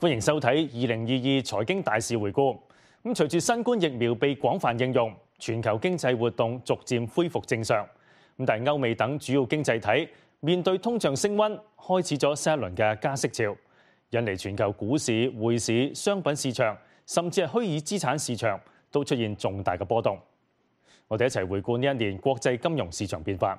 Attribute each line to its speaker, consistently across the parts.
Speaker 1: 歡迎收睇二零二二財經大事回顧。咁，隨住新冠疫苗被廣泛應用，全球經濟活動逐漸恢復正常。咁，但係歐美等主要經濟體面對通脹升溫，開始咗新一輪嘅加息潮，引嚟全球股市、匯市、商品市場，甚至係虛擬資產市場都出現重大嘅波動。我哋一齊回顧呢一年國際金融市場變化。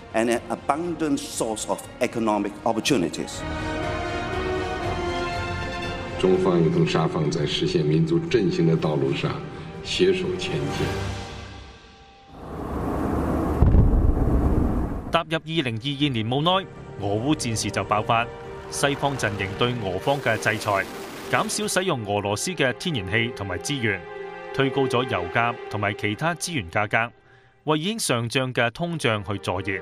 Speaker 1: 中方同沙方在實現民族振興嘅道路上攜手前進。踏入二零二二年，冇耐，俄烏戰事就爆發，西方陣營對俄方嘅制裁，減少使用俄羅斯嘅天然氣同埋資源，推高咗油價同埋其他資源價格，為已經上漲嘅通脹去助燃。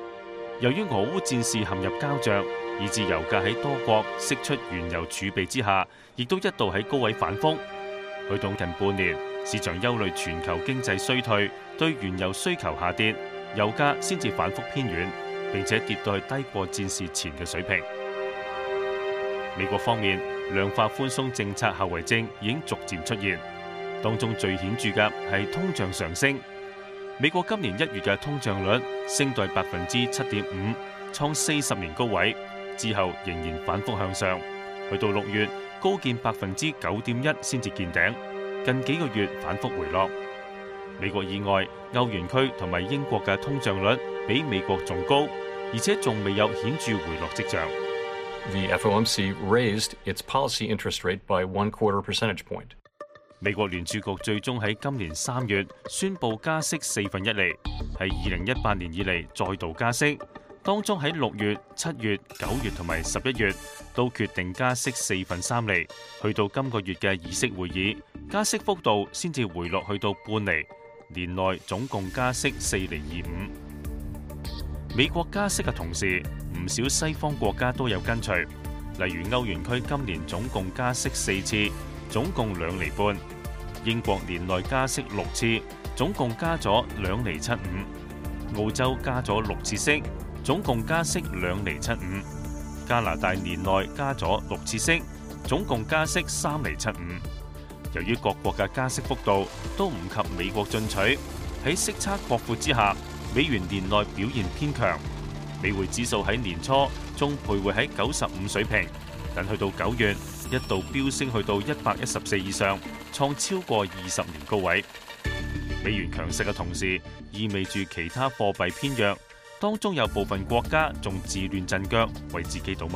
Speaker 1: 由於俄烏戰事陷入膠著，以致油價喺多國釋出原油儲備之下，亦都一度喺高位反覆。去到近半年，市場憂慮全球經濟衰退，對原油需求下跌，油價先至反覆偏軟，並且跌到低過戰事前嘅水平。美國方面，量化寬鬆政策後遺症已經逐漸出現，當中最顯著嘅係通脹上升。美國今年一月嘅通脹率升到百分之七點五，創四十年高位，之後仍然反覆向上，去到六月高見百分之九點一先至見頂，近幾個月反覆回落。美國以外，歐元區同埋英國嘅通脹率比美國仲高，而且仲未有顯著回落跡象。The FOMC raised its policy interest rate by one quarter percentage point. 美國聯儲局最終喺今年三月宣布加息四分一厘，喺二零一八年以嚟，再度加息。當中喺六月、七月、九月同埋十一月都決定加息四分三厘，去到今個月嘅議息會議，加息幅度先至回落去到半厘。年內總共加息四厘二五。美國加息嘅同時，唔少西方國家都有跟隨，例如歐元區今年總共加息四次。總共兩厘半，英國年內加息六次，總共加咗兩厘七五；澳洲加咗六次息，總共加息兩厘七五；加拿大年內加咗六次息，總共加息三厘七五。由於各國嘅加息幅度都唔及美國進取，喺息差擴闊之下，美元年內表現偏強。美匯指數喺年初仲徘徊喺九十五水平，但去到九月，一度飆升去到一百一十四以上，創超過二十年高位。美元強勢嘅同時，意味住其他貨幣偏弱，當中有部分國家仲自亂陣腳，為自己倒米。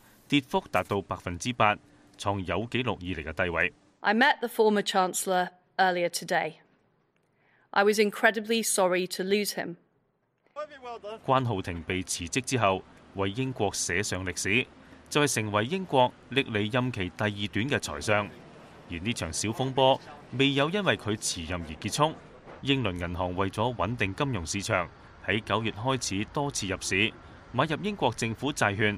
Speaker 1: 跌幅達到百分之八，創有紀錄以嚟嘅低位。I met the former Chancellor earlier today, I was incredibly sorry to lose him。關浩庭被辭職之後，為英國寫上歷史，就係成為英國歷嚟任期第二短嘅財相。而呢場小風波未有因為佢辭任而結束。英倫銀行為咗穩定金融市場，喺九月開始多次入市買入英國政府債券。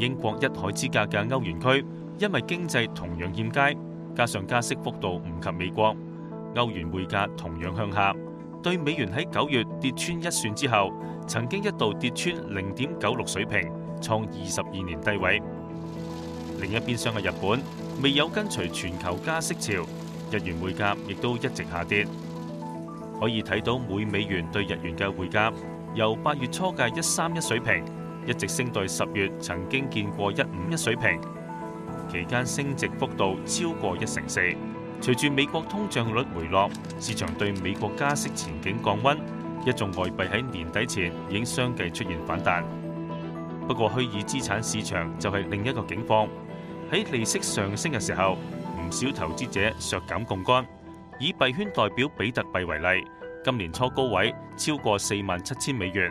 Speaker 1: 英國一海之隔嘅歐元區，因為經濟同樣欠佳，加上加息幅度唔及美國，歐元匯價同樣向下。對美元喺九月跌穿一算之後，曾經一度跌穿零點九六水平，創二十二年低位。另一邊廂嘅日本未有跟隨全球加息潮，日元匯價亦都一直下跌。可以睇到每美元對日元嘅匯價，由八月初嘅一三一水平，一直升到十月，曾經見過一五一水平，期間升值幅度超過一成四。隨住美國通脹率回落，市場對美國加息前景降温，一眾外幣喺年底前已經相繼出現反彈。不過虛擬資產市場就係另一個境況，喺利息上升嘅時候，唔少投資者削減槓桿，桿。以幣圈代表比特幣為例，今年初高位超過四萬七千美元。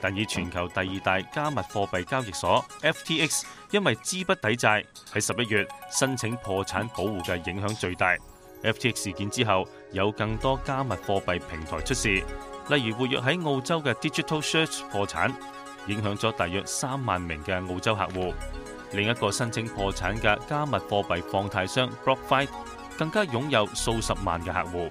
Speaker 1: 但以全球第二大加密貨幣交易所 FTX 因為資不抵債，喺十一月申請破產保護嘅影響最大。FTX 事件之後，有更多加密貨幣平台出事，例如活躍喺澳洲嘅 Digital Surge 破產，影響咗大約三萬名嘅澳洲客戶。另一個申請破產嘅加密貨幣放貸商 BlockFi 更加擁有數十萬嘅客戶。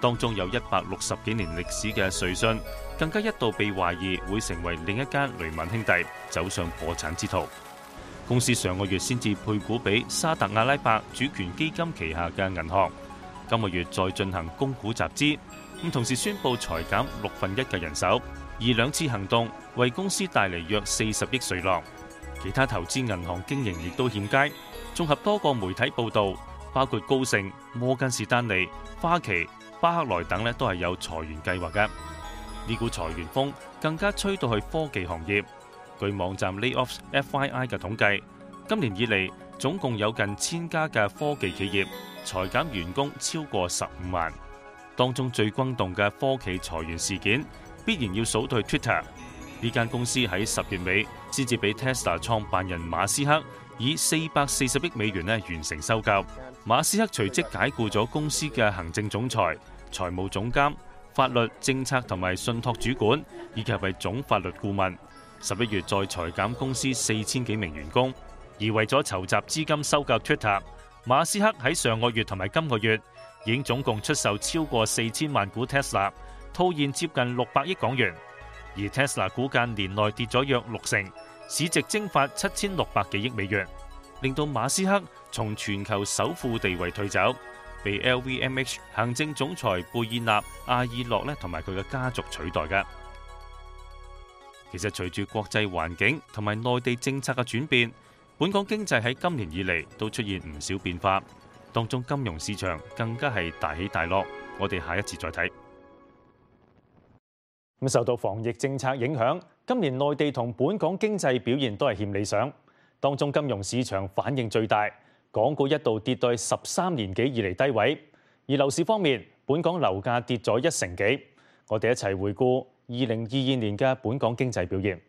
Speaker 1: 當中有一百六十幾年歷史嘅瑞信，更加一度被懷疑會成為另一間雷曼兄弟走上破產之途。公司上個月先至配股俾沙特阿拉伯主權基金旗下嘅銀行，今個月再進行公股集資，咁同時宣布裁減六分一嘅人手，而兩次行動為公司帶嚟約四十億瑞郎。其他投資銀行經營亦都欠佳，綜合多個媒體報道，包括高盛、摩根士丹利、花旗。巴克萊等咧都係有裁員計劃嘅，呢股裁員風更加吹到去科技行業。據網站 Layoffs FYI 嘅統計，今年以嚟總共有近千家嘅科技企業裁減員工超過十五萬。當中最轟動嘅科技裁員事件，必然要數對 Twitter 呢間公司喺十月尾先至畀 Tesla 創辦人馬斯克以四百四十億美元咧，完成收購，馬斯克隨即解雇咗公司嘅行政總裁、財務總監、法律政策同埋信託主管，以及為總法律顧問。十一月再裁減公司四千幾名員工，而為咗籌集資金收購 Twitter，馬斯克喺上個月同埋今個月，已經總共出售超過四千萬股 Tesla，套現接近六百億港元。而 Tesla 股價年內跌咗約六成，市值蒸發七千六百幾億美元，令到馬斯克從全球首富地位退走。被 LVMH 行政總裁貝爾納·阿爾諾咧同埋佢嘅家族取代嘅。其實隨住國際環境同埋內地政策嘅轉變，本港經濟喺今年以嚟都出現唔少變化，當中金融市場更加係大起大落。我哋下一次再睇。咁受到防疫政策影響，今年內地同本港經濟表現都係欠理想，當中金融市場反應最大。港股一度跌到十三年幾以嚟低位，而樓市方面，本港樓價跌咗一成幾，我哋一齊回顧二零二二年嘅本港經濟表現。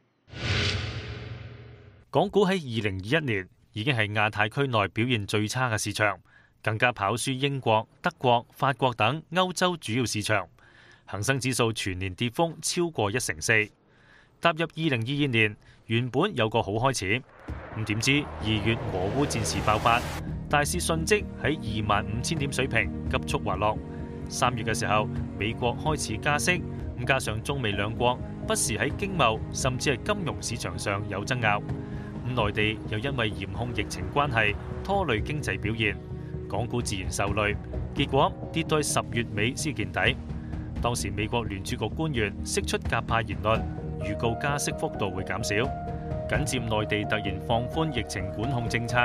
Speaker 1: 港股喺二零二一年已經係亞太區內表現最差嘅市場，更加跑輸英國、德國、法國等歐洲主要市場。恒生指數全年跌幅超過一成四，踏入二零二二年，原本有個好開始。咁點知二月俄烏戰事爆發，大市迅即喺二萬五千點水平急速滑落。三月嘅時候，美國開始加息，咁加上中美兩國不時喺經貿甚至係金融市場上有爭拗，咁內地又因為嚴控疫情關係拖累經濟表現，港股自然受累，結果跌到去十月尾先見底。當時美國聯儲局官員釋出鴿派言論，預告加息幅度會減少。緊接內地突然放寬疫情管控政策，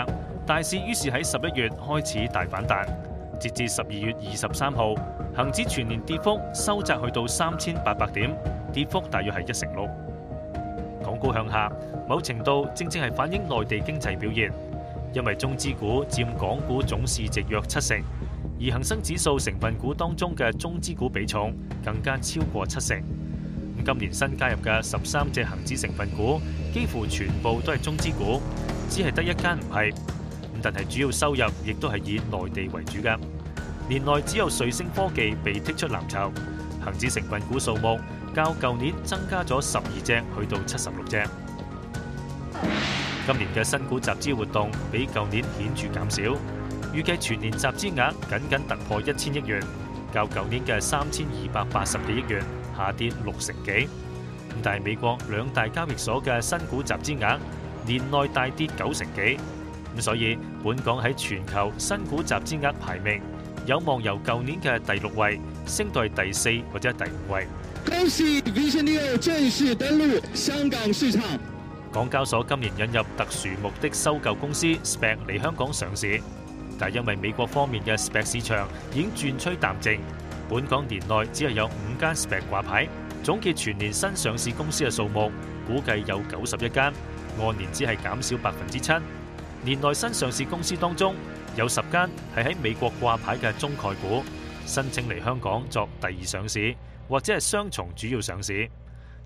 Speaker 1: 大市於是喺十一月開始大反彈，截至十二月二十三號，恒指全年跌幅收窄去到三千八百點，跌幅大約係一成六。港股向下，某程度正正係反映內地經濟表現，因為中資股佔港股總市值約七成，而恒生指數成分股當中嘅中資股比重更加超過七成。今年新加入嘅十三隻恒指成分股，幾乎全部都係中資股，只係得一間唔係。咁但係主要收入亦都係以內地為主噶。年內只有瑞聲科技被剔出藍籌，恒指成分股數目較舊年增加咗十二隻，去到七十六隻。今年嘅新股集資活動比舊年顯著減少，預計全年集資額僅僅突破一千億元，較舊年嘅三千二百八十幾億元。下跌六成幾，咁但係美國兩大交易所嘅新股集資額年內大跌九成幾，咁所以本港喺全球新股集資額排名有望由舊年嘅第六位升到第四或者第五位。恭喜二十六正式登陸香港市場。港交所今年引入特殊目的收購公司 SPAC 嚟香港上市，但係因為美國方面嘅 SPAC 市場已經轉趨淡靜。本港年內只係有五間 SPAC 掛牌，總結全年新上市公司嘅數目，估計有九十一間，按年只係減少百分之七。年內新上市公司當中有十間係喺美國掛牌嘅中概股申請嚟香港作第二上市，或者係雙重主要上市。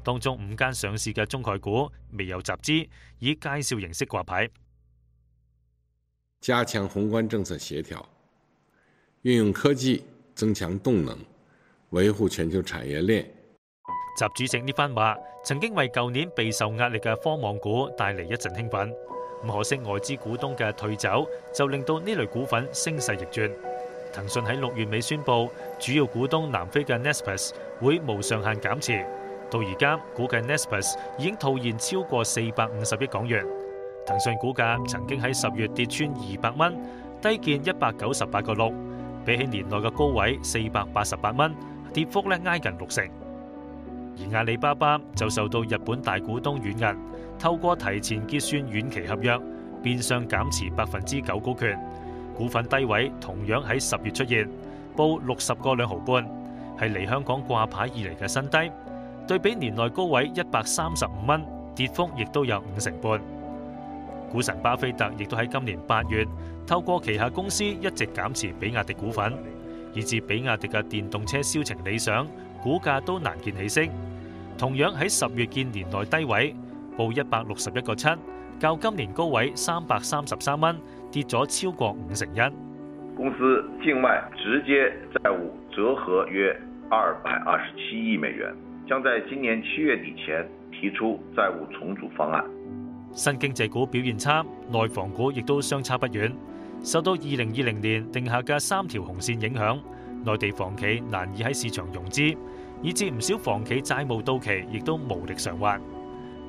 Speaker 1: 當中五間上市嘅中概股未有集資，以介紹形式掛牌。加強宏觀政策協調，運用科技。增強動能，維護全球產業鏈。習主席呢番話曾經為舊年備受壓力嘅科網股帶嚟一陣興奮，唔可惜外資股東嘅退走就令到呢類股份升勢逆轉。騰訊喺六月尾宣布主要股東南非嘅 Naspers 會無上限減持，到而家估計 Naspers 已經套現超過四百五十億港元。騰訊股價曾經喺十月跌穿二百蚊，低見一百九十八個六。比起年內嘅高位四百八十八蚊，跌幅咧挨近六成。而阿里巴巴就受到日本大股東軟銀透過提前結算遠期合約，變相減持百分之九股權。股份低位同樣喺十月出現，報六十個兩毫半，係嚟香港掛牌以嚟嘅新低。對比年內高位一百三十五蚊，跌幅亦都有五成半。股神巴菲特亦都喺今年八月。透過旗下公司一直減持比亞迪股份，以致比亞迪嘅電動車銷情理想，股價都難見起色。同樣喺十月見年內低位，報一百六十一個七，較今年高位三百三十三蚊，跌咗超過五成一。公司境外直接債務折合約二百二十七億美元，將在今年七月底前提出債務重組方案。新經濟股表現差，內房股亦都相差不遠。受到二零二零年定下嘅三條紅線影響，內地房企難以喺市場融資，以致唔少房企債務到期亦都無力償還。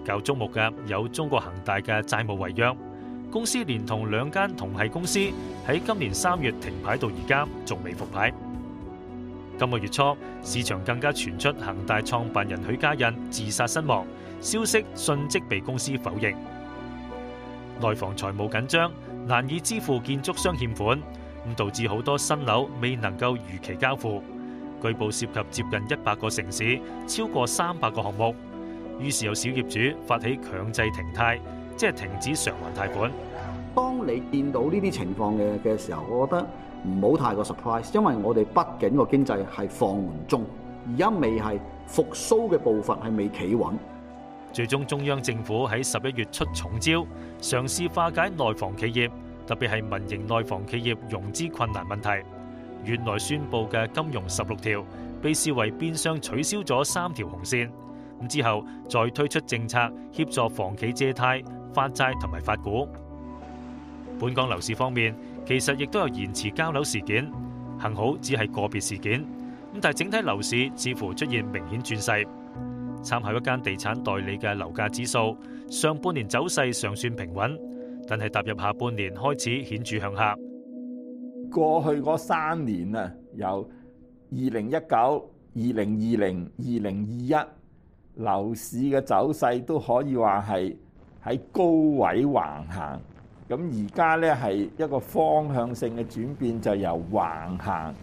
Speaker 1: 較矚目嘅有中國恒大嘅債務違約，公司連同兩間同係公司喺今年三月停牌到而家，仲未復牌。今個月初，市場更加傳出恒大創辦人許家印自殺身亡，消息迅即被公司否認。內房財務緊張。難以支付建築商欠款，咁導致好多新樓未能夠如期交付。據報涉及接近一百個城市，超過三百個項目。於是有小業主發起強制停貸，即係停止償還貸款。當你見到呢啲情況嘅嘅時候，我覺得唔好太過 surprise，因為我哋畢竟個經濟係放緩中，而家未係復甦嘅步伐係未企穩。最終中央政府喺十一月出重招，嘗試化解內房企業，特別係民營內房企業融資困難問題。原來宣佈嘅金融十六條被視為變相取消咗三條紅線。咁之後再推出政策協助房企借貸、發債同埋發股。本港樓市方面，其實亦都有延遲交樓事件，幸好只係個別事件。咁但係整體樓市似乎出現明顯轉勢。參考一間地產代理嘅樓價指數，上半年走勢尚算平穩，但係踏入下半年開始顯著向下。過去嗰三年啊，由二零一九、二零二零、二零二一樓市嘅走勢都可以話係喺高位橫行。咁而家呢係一個方向性嘅轉變，就由橫行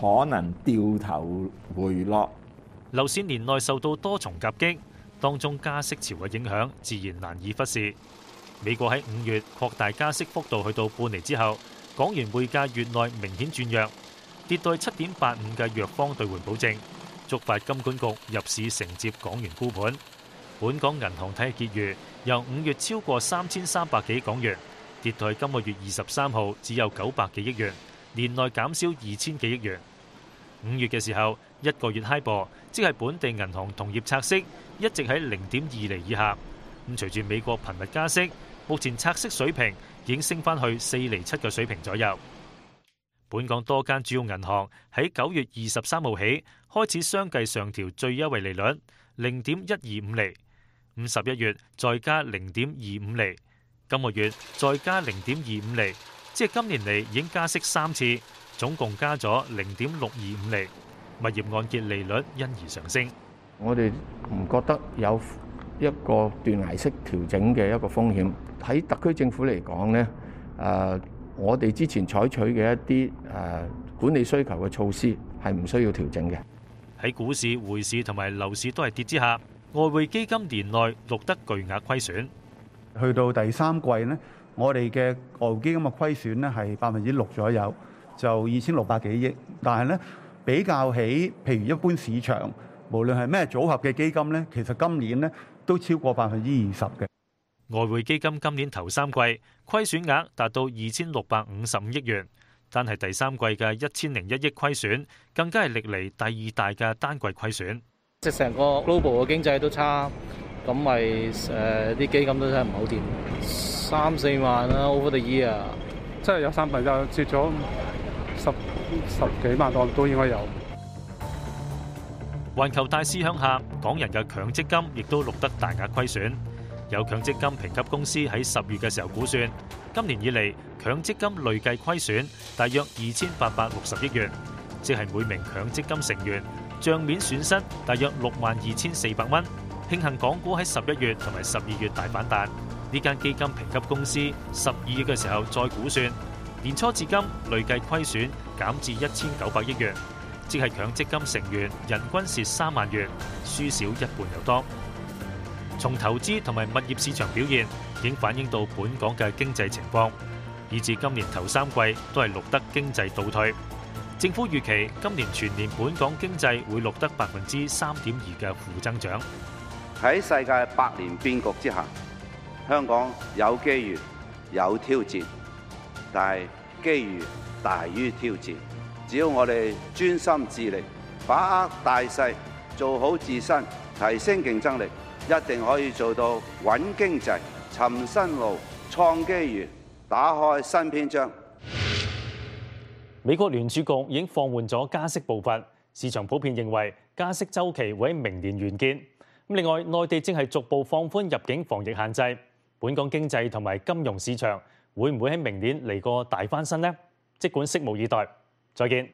Speaker 1: 可能掉頭回落。樓市年內受到多重夾擊，當中加息潮嘅影響自然難以忽視。美國喺五月擴大加息幅度去到半釐之後，港元匯價月內明顯轉弱，跌到七點八五嘅弱方兌換保證，觸發金管局入市承接港元沽盤。本港銀行體系結餘由五月超過三千三百幾億港元，跌到今個月二十三號只有九百幾億元，年內減少二千幾億元。五月嘅時候。一個月 HIBOR，即係本地銀行同業拆息一直喺零點二厘以下。咁隨住美國頻密加息，目前拆息水平已經升翻去四厘七嘅水平左右。本港多間主要銀行喺九月二十三號起開始相繼上調最優惠利率零點一二五厘，咁十一月再加零點二五厘，今個月再加零點二五厘，即係今年嚟已經加息三次，總共加咗零點六二五厘。物業按揭利率因而上升。我哋唔覺得有一個斷崖式調整嘅一個風險。喺特區政府嚟講呢，誒，我哋之前採取嘅一啲誒管理需求嘅措施係唔需要調整嘅。喺股市、匯市同埋樓市都係跌之下，外匯基金年內錄得巨額虧損。去到第三季呢，我哋嘅外匯基金嘅虧損呢係百分之六左右，就二千六百幾億。但係呢，比較起，譬如一般市場，無論係咩組合嘅基金咧，其實今年咧都超過百分之二十嘅。外匯基金今年頭三季虧損額達到二千六百五十五億元，但係第三季嘅一千零一億虧損，更加係歷嚟第二大嘅單季虧損。即係成個 global 嘅經濟都差，咁咪誒啲基金都真係唔好掂。三四萬啦，over the year，即係有三倍就接咗。十幾萬案都應該有。環球大市向下，港人嘅強積金亦都錄得大額虧損。有強積金評級公司喺十月嘅時候估算，今年以嚟強積金累計虧損大約二千八百六十億元，即係每名強積金成員賬面損失大約六萬二千四百蚊。慶幸港股喺十一月同埋十二月大反彈，呢間基金評級公司十二月嘅時候再估算。年初至今累計虧損減至一千九百億元，即係強積金成員人均蝕三萬元，輸少一半有多。從投資同埋物業市場表現，已經反映到本港嘅經濟情況，以至今年頭三季都係錄得經濟倒退。政府預期今年全年本港經濟會錄得百分之三點二嘅負增長。喺世界百年變局之下，香港有機遇，有挑戰。但機遇大於挑戰，只要我哋專心致力，把握大勢，做好自身，提升競爭力，一定可以做到穩經濟、尋新路、創機遇、打開新篇章。美國聯儲局已經放緩咗加息步伐，市場普遍認為加息周期會喺明年完結，咁另外，內地正係逐步放寬入境防疫限制，本港經濟同埋金融市場。會唔會喺明年嚟個大翻身呢？即管拭目以待。再見。